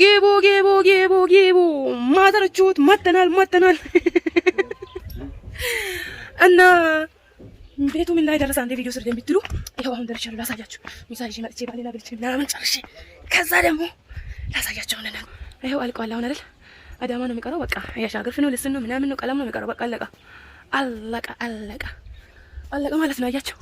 ጌቦ ጌቦ ጌቦ ጌቦ ማዘርችሁት መተናል መተናል። እና ቤቱ ምን ላይ ደረሰ? አንዴ ቪዲዮ ስር እንደምትሉ ይሄው አሁን ደርሻለሁ። ላሳያችሁ ሚሳጅ መጥቼ ባሌላ ብልቼ ምናምን ጨርሼ ከዛ ደግሞ ላሳያችሁ ነና ይሄው አልቀዋል። አሁን አይደል አዳማ ነው የሚቀረው። በቃ ያሻግርፍ ነው ልስን ነው ምናምን ነው ቀለም ነው የሚቀረው። በቃ አለቀ አለቀ አለቀ አለቀ ማለት ነው። አያችሁ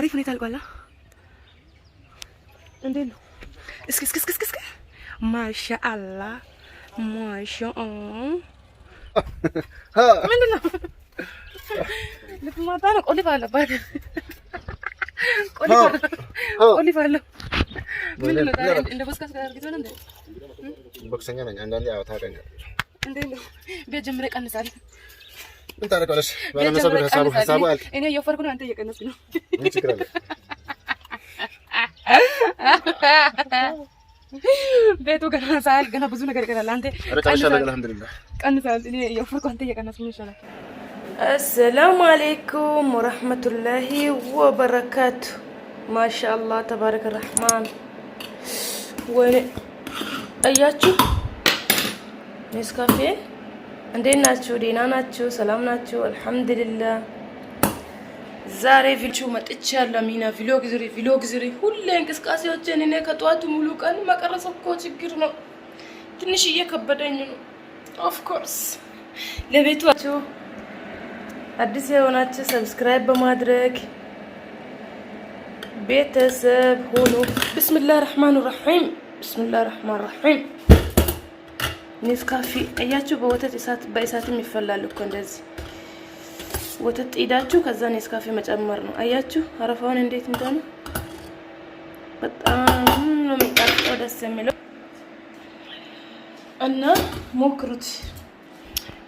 አሪፍ ሁኔታ አልቋላ። እንዴት ነው እስኪ እስኪ እስኪ እስኪ ማሻ Allah. ማሻ Allah. ልትማታ ነው። ቆሊፍ አለባት። ቆሊፍ አለው። ምንድን ነው ታዲያ? ቦክሰኛ ነኝ። አንዳንዴ ያው ታውቀኛለሽ። እንዴት ነው ቤት ጀምረህ ቀንሳለህ? ምን ታደርገዋለሽ? ቤቱ ገና ሳያል ገና ብዙ ነገር ይቀራል። አንተ ቀንሳል። እኔ አንተ እየቀነስ ምን ይሻላል? አሰላሙ አሌይኩም ወረህመቱላሂ ወበረካቱ። ማሻአላህ ተባረከ ረህማን። ወይኔ እንዴት ናችሁ? ዴና ናችሁ? ሰላም ናችሁ? አልሐምዱሊላህ ዛሬ ቪልቹ መጥቼ ያለው ሚና ቪሎግ ዝሪ ቪሎግ ዝሪ ሁሌ እንቅስቃሴዎችን እኔ ከጠዋቱ ሙሉ ቀን መቀረጽ እኮ ችግር ነው፣ ትንሽ እየከበደኝ ነው። ኦፍኮርስ ለቤቱ አዲስ የሆናችሁ ሰብስክራይብ በማድረግ ቤተሰብ ሆኖ ብስምላህ ረህማን ረሒም ብስምላህ ረህማን ረሒም ኔስካፊ እያችሁ በወተት እሳት በእሳትም ይፈላል እኮ እንደዚህ ወተት ጢዳችሁ ከዛ ኔስካፌ መጨመር ነው። አያችሁ አረፋውን እንዴት እንደሆነ በጣም ነው የሚጣፍጠው፣ ደስ የሚለው እና ሞክሩት።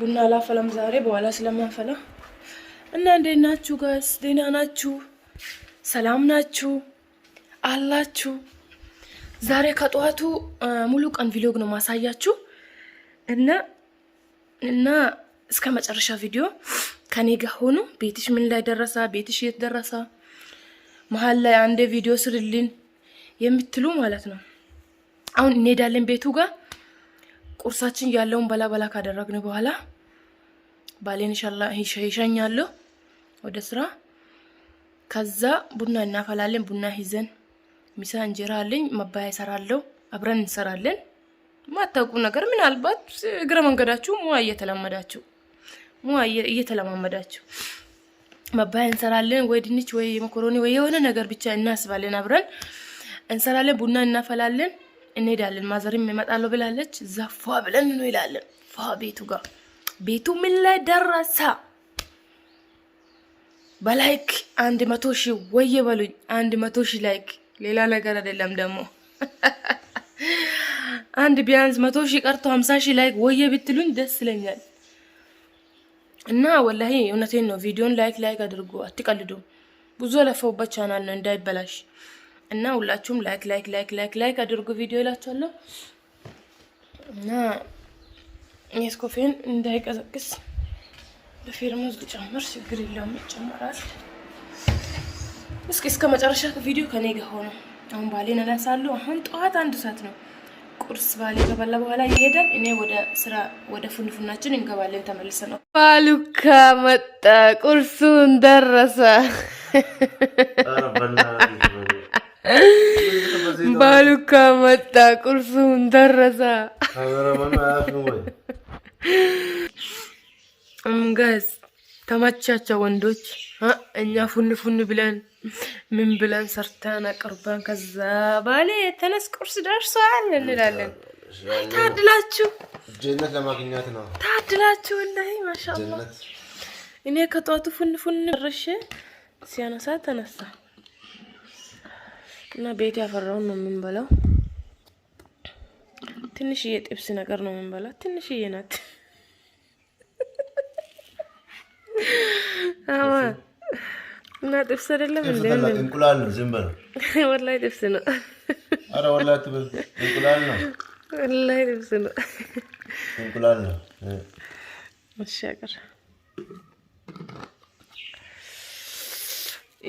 ቡና አላፈላም ዛሬ በኋላ ስለማፈላ እና እንዴት ናችሁ ጋይስ? ደህና ናችሁ? ሰላም ናችሁ አላችሁ? ዛሬ ከጠዋቱ ሙሉ ቀን ቪሎግ ነው ማሳያችሁ እና እና እስከ መጨረሻ ቪዲዮ ከኔ ጋር ሆኖ ቤትሽ ምን ላይ ደረሰ፣ ቤትሽ የት ደረሰ፣ መሀል ላይ አንዴ ቪዲዮ ስርልን የምትሉ ማለት ነው። አሁን እንሄዳለን ቤቱ ጋር ቁርሳችን ያለውን በላ በላ ካደረግን በኋላ ባሌን ይሸኛለሁ ወደ ስራ። ከዛ ቡና እናፈላለን። ቡና ይዘን ሚሳ እንጀራ አለኝ መባያ ይሰራለሁ። አብረን እንሰራለን። ማታውቁ ነገር ምናልባት እግረ መንገዳችሁ ሙያ እየተለመዳችሁ እየተለማመዳቸው እየተለማመዳችሁ መባያ እንሰራለን ወይ ድንች ወይ መኮሮኒ ወይ የሆነ ነገር ብቻ እናስባለን። አብረን እንሰራለን፣ ቡና እናፈላለን፣ እንሄዳለን። ማዘሪም ይመጣለሁ ብላለች። እዛ ፏ ብለን ነው ይላለን። ፏ ቤቱ ጋር ቤቱ ምን ላይ ደረሰ? በላይክ አንድ መቶ ሺህ ወየ በሉኝ። አንድ መቶ ሺህ ላይክ ሌላ ነገር አይደለም። ደግሞ አንድ ቢያንስ መቶ ሺህ ቀርቶ ሀምሳ ሺ ላይክ ወየ ብትሉኝ ደስ ይለኛል። እና ወላሂ እውነቴን ነው። ቪዲዮን ላይክ ላይክ አድርጉ፣ አትቀልዱ። ብዙ ለፈውበት ቻናል ነው እንዳይበላሽ እና ሁላችሁም ላይክ ላይክ ላይክ ላይክ ላይክ አድርጉ ቪዲዮ ይላችኋለሁ። እና ኔስኮፌን እንዳይቀዘቅስ በፌርሙዝ ልጨምር፣ ችግር የለውም ይጨመራል። እስኪ እስከ መጨረሻ ቪዲዮ ከኔ ጋር ሆነ። አሁን ባሌን አላሳለሁ። አሁን ጠዋት አንድ ሰዓት ነው። ቁርስ ባሌ ከበላ በኋላ እየሄደን እኔ ወደ ስራ ወደ ፉንፉናችን እንገባለን። ተመልሰ ነው ባሉካ መጣ፣ ቁርሱን ደረሰ። ባሉካ መጣ፣ ቁርሱን ደረሰ። ጋዝ ተመቻቸው ወንዶች እኛ ፉን ፉን ብለን ምን ብለን ሰርተን አቅርበን ከዛ ባሌ የተነስ ቁርስ ደርሷል እንላለን። ታድላችሁ፣ ጀነት ለማግኘት ነው። ታድላችሁ ወላሂ ማሻአላ። እኔ ከጠዋቱ ፉን ፉን ርሽ ሲያነሳ ተነሳ እና ቤት ያፈራውን ነው የምንበላው። ትንሽዬ ጥብስ ነገር ነው የምንበላው ትንሽዬ ናት። እና ጥብስ አይደለም እንቁላል ነው። ዝም በለው ወላሂ ጥብስ ነው። ኧረ ወላሂ ትበል እንቁላል ነው። ወላሂ ጥብስ ነው። እንቁላል ነው።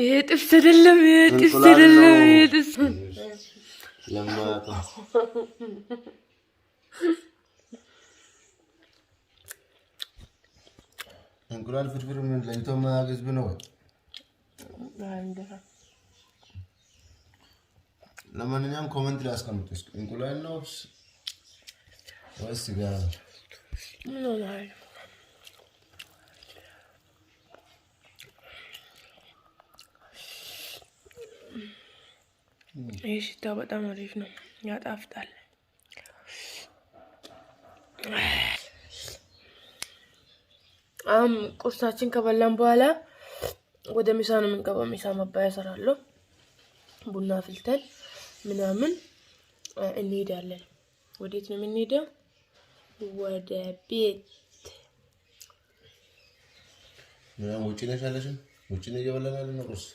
ይሄ ጥብስ አይደለም። ይሄ ጥብስ አይደለም። ይሄ ጥብስ እንቁላል ፍርፍር ምን ለእንቶ ማግዝ ብነው ለማንኛውም ኮመንት ላይ አስቀምጡ። እንቁላል ነው ወይስ ስጋ? ይህ ሽታ በጣም አሪፍ ነው፣ ያጣፍጣል። አሁን ቁርሳችን ከበላን በኋላ ወደ ምሳ ነው የምንገባው። ምሳ ማባያ እሰራለሁ። ቡና አፍልተን ምናምን እንሄዳለን። ወዴት ነው የምንሄደው? ወደ ቤት። ውጭ ነሽ አለሽም? ውጭ ነው እየበላናለን ነው ቁርስ።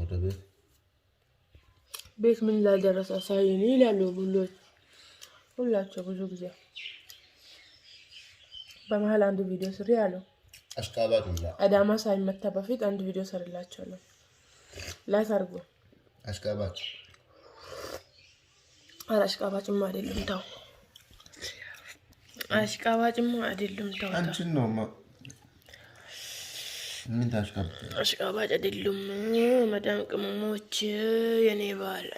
ወደ ቤት ቤት ምን ላይ ደረሰ ሳይኒ ይላሉ ብሎች ሁላቸው ብዙ ጊዜ በመሀል አንድ ቪዲዮ ስሪ አለው። አሽካባድ አዳማ ሳይመታ በፊት አንድ ቪዲዮ ሰርላቸዋለሁ። ላት አድርጎ አሽካባጭ ኧረ አሽቃባጭማ አይደለም ተው፣ አሽቃባጭማ አይደለም ተው። አንቺን ነው ምን አሽቃባጭ አይደለም መዳም ቅመሞች የኔ ባል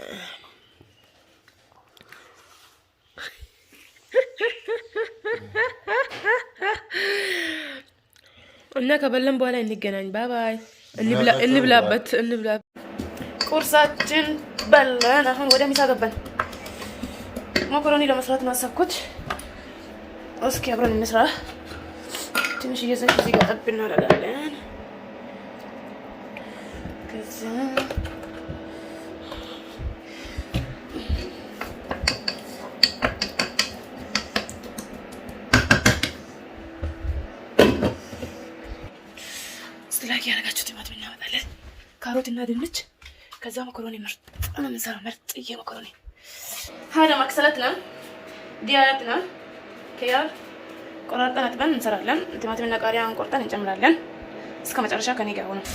እና ከበላን በኋላ እንገናኝ። ባባይ። እንብላበት እንብላበት። ቁርሳችን በለን። አሁን ወደ ሚሳ ገባን። መኮረኒ ለመስራት ነው ያሰብኩት። እስኪ አብረን እንስራ። ትንሽ እየዘች እዚህ ጋር ጠብ እናደርጋለን ከዛ ውስጥ ላይ ያደረጋችሁ ቲማቲም እናመጣለን። ካሮት እና ድንች፣ ከዛ መኮሮኒ ምርጥ ነው የምንሰራው። ይሄ መኮሮኒ ሀደ ማክሰለት ነው ዲያት ነው ከያር ቆራርጠን አጥበን እንሰራለን። ቲማቲም እና ቃሪያን ቆርጠን እንጨምራለን። እስከ መጨረሻ ከኔ ጋር ሆነው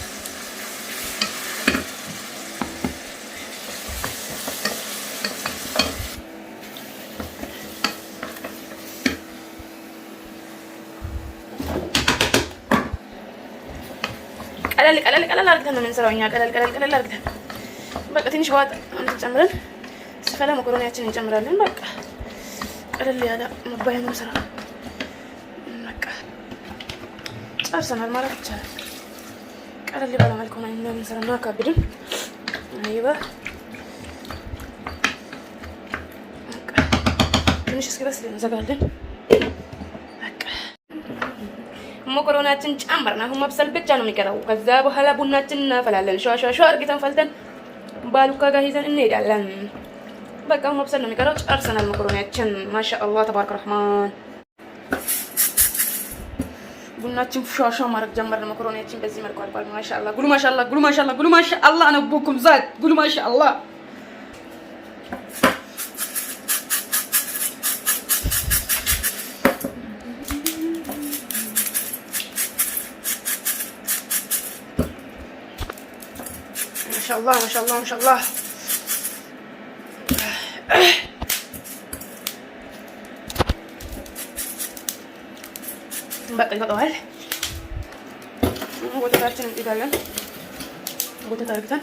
ቀለል ቀለል ቀለል አድርገን ነው የምንሰራው እኛ ቀለል ቀለል ቀለል አድርገን በቃ ትንሽ ዋጥ ጨምረን ስፈላ መኮረኒያችን እንጨምራለን። በቃ ቀለል ያለ መባያ ነው ስራ። በቃ ጨርሰናል ማለት ይቻላል። ቀለል ባለ መልኩ ነው የምንሰራው ነው። አካብድን አይባ ትንሽ እስኪ ድረስ እንዘጋለን። ሞኮሮናችን ጨምረን አሁን መብሰል ብቻ ነው የሚቀረው። ከዛ በኋላ ቡናችን እናፈላለን። ሸዋሸዋሸ እርግተን ፈልተን ባሉካ ጋር ይዘን እንሄዳለን። በቃ አሁን መብሰል ነው የሚቀረው። ጨርሰናል ሞኮሮናችን። ማሻ አላህ ተባረክ ረህማን። ቡናችን ሸዋሸ ማድረግ ጀመርን። ሞኮሮናችን በዚህ መልኩ አልቋል። ማሻ ጉሉ ማሻ ጉሉ ማሻ ጉሉ ማሻ አላህ ነቦኩም ዛት ጉሉ ማሻ الله ما شاء الله ما شاء الله بقى طوال በቀኝ ወተታችን እንጥዳለን። ወተት አድርግተን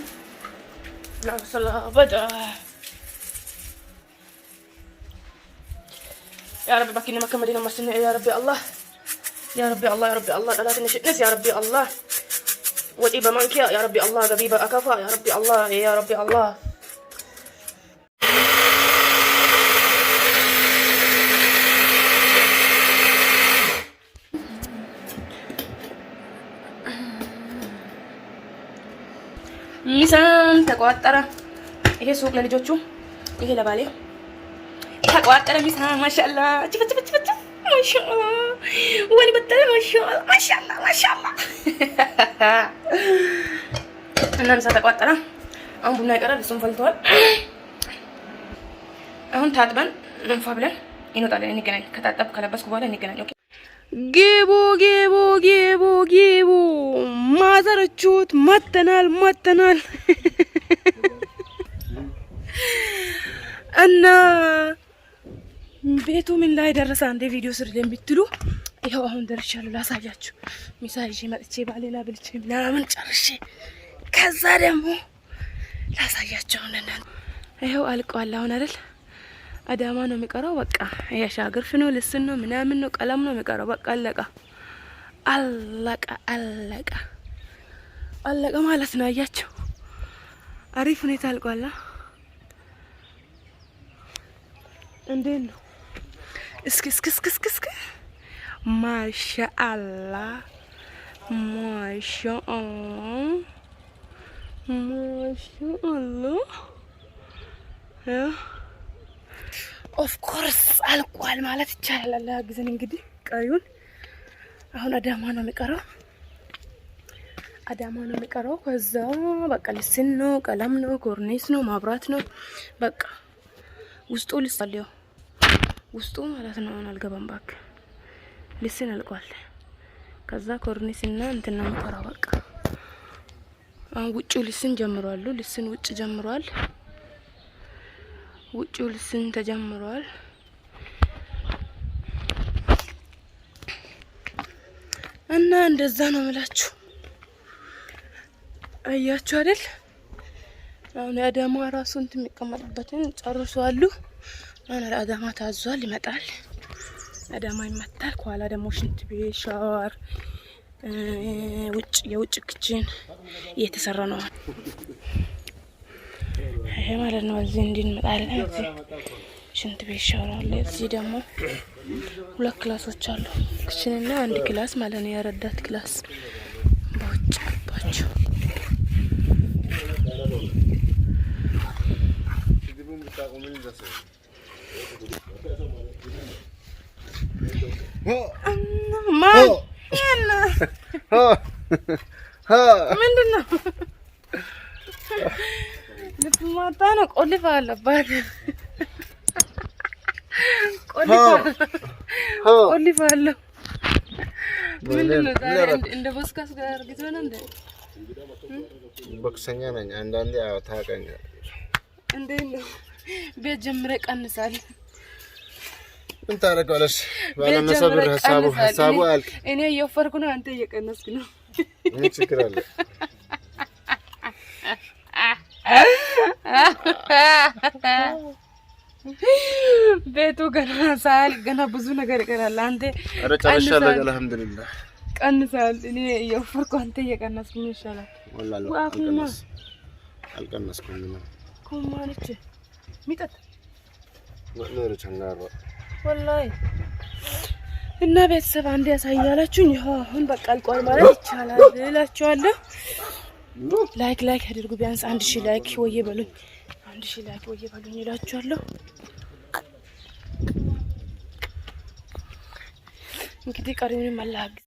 ስላበደ يا ربي باكي نمكن مدينة مسنة يا ربي الله يا ربي الله يا ربي الله لا تنسي يا ربي الله والإبا مانكيا يا ربي الله قبيبة أكفى يا ربي الله يا ربي الله ሚዛን ተቋጠረ። ይሄ ሱቅ ለልጆቹ፣ ይሄ ለባሌ ተቋጠረ። ሚዛን ማሻአላ ጭፍጭፍጭፍጭፍ ማሻአላ ወሊ በተለ ማሻአላ ማሻአላ ማሻአላ እናንሳ ተቋጠረ። አሁን ቡና ይቀራል፣ እሱም ፈልተዋል። አሁን ታጥበን እንፋ ብለን እንገናኝ። ከታጠብ ከለበስኩ በኋላ እንገናኝ። ኦኬ። ግቡ ግቡ ግቡ ግቡ። ማዘረችሁት መተናል መተናል እና ቤቱ ምን ላይ ደረሰ? አንዴ ቪዲዮ ስር ይኸው አሁን ደርሻለሁ። ላሳያችሁ ሚሳ ይዤ መጥቼ ባሌላ ብልቼ ምናምን ጨርሼ ከዛ ደግሞ ላሳያቸው ነና ይኸው አልቀዋል። አሁን አይደል አዳማ ነው የሚቀረው። በቃ ግርፍ ነው ልስን ነው ምናምን ነው ቀለም ነው የሚቀረው። በቃ አለቀ አለቀ አለቀ አለቀ ማለት ነው። አያችሁ አሪፍ ሁኔታ አልቋላ። እንዴት ነው እስኪ እስኪ እስኪ እስኪ Masha Allah, Masha Allah, Masha Allah። ኦፍ ኮርስ አልቋል ማለት ይቻላል። አላህ ያግዘን። እንግዲህ ቀሪውን አሁን አዳማ ነው የሚቀረው፣ አዳማ ነው የሚቀረው። ከዛ በቃ ልስን ነው፣ ቀለም ነው፣ ኮርኔስ ነው፣ ማብራት ነው። በቃ ውስጡ ልስ ውስጡ ማለት ነው። አሁን አልገባም ባክ ልስን አልቋል። ከዛ ኮርኒስ እና እንትና ሙከራ በቃ አሁን ውጭ ልስን ጀምሯሉ። ልስን ውጭ ጀምሯል። ውጭ ልስን ተጀምሯል። እና እንደዛ ነው ምላችሁ አያችሁ አይደል? አሁን አዳማ ራሱ እንትን የሚቀመጥበትን ጨርሷሉ። አሁን አዳማ ታዟል፣ ይመጣል አዳማ ይመታል። ከኋላ ደግሞ ሽንት ቤት፣ ሻወር፣ ውጭ የውጭ ክችን እየተሰራ ነው ይሄ ማለት ነው። እዚህ እንድንመጣለን እዚህ ሽንት ቤት፣ ሻወር አለ። እዚህ ደግሞ ሁለት ክላሶች አሉ፣ ክችንና አንድ ክላስ ማለት ነው። የረዳት ክላስ በውጭ ገባቸው ምንድን ነው? ልትማታ ነው? ቆልፍ አለባት። ቆልፍ አለው። ምንድን እንደ ቦስካስ ጋር እርግጥ ሆነ። እንደ ቦክሰኛ ነኝ አንዳንዴ። ታውቀኛለህ። እንዴት ነው? ቤት ጀምሬ ቀንሳለሁ ምን ታደርገዋለሽ? ባለነሰ ብር ሀሳቡ ሀሳቡ አልክ። እኔ እየወፈርኩ ነው፣ አንተ እየቀነስክ ነው። ምን ችግር አለ? ቤቱ ገና ሳል ገና ብዙ ነገር ይቀራል። አንተ ኧረ ጨርሻለሁ። አልሐምዱሊላህ ቀንሳል። እኔ እየወፈርኩ አንተ እየቀነስክ ነው። ይሻላል። አልቀነስኩም። ኮማንች ሚጠጥ ወለረቻ ወላሂ እና ቤተሰብ አንድ ያሳያላችሁ። ይኸው አሁን በቃ አልቋል ማለት ይቻላል እላችኋለሁ። ላይክ ላይክ አድርጉ። ቢያንስ አንድ ሺህ ላይክ ወየ በሉኝ፣ አንድ ሺህ ላይክ ወየ በሉኝ እላችኋለሁ። እንግዲህ ቀሪውንም አላህ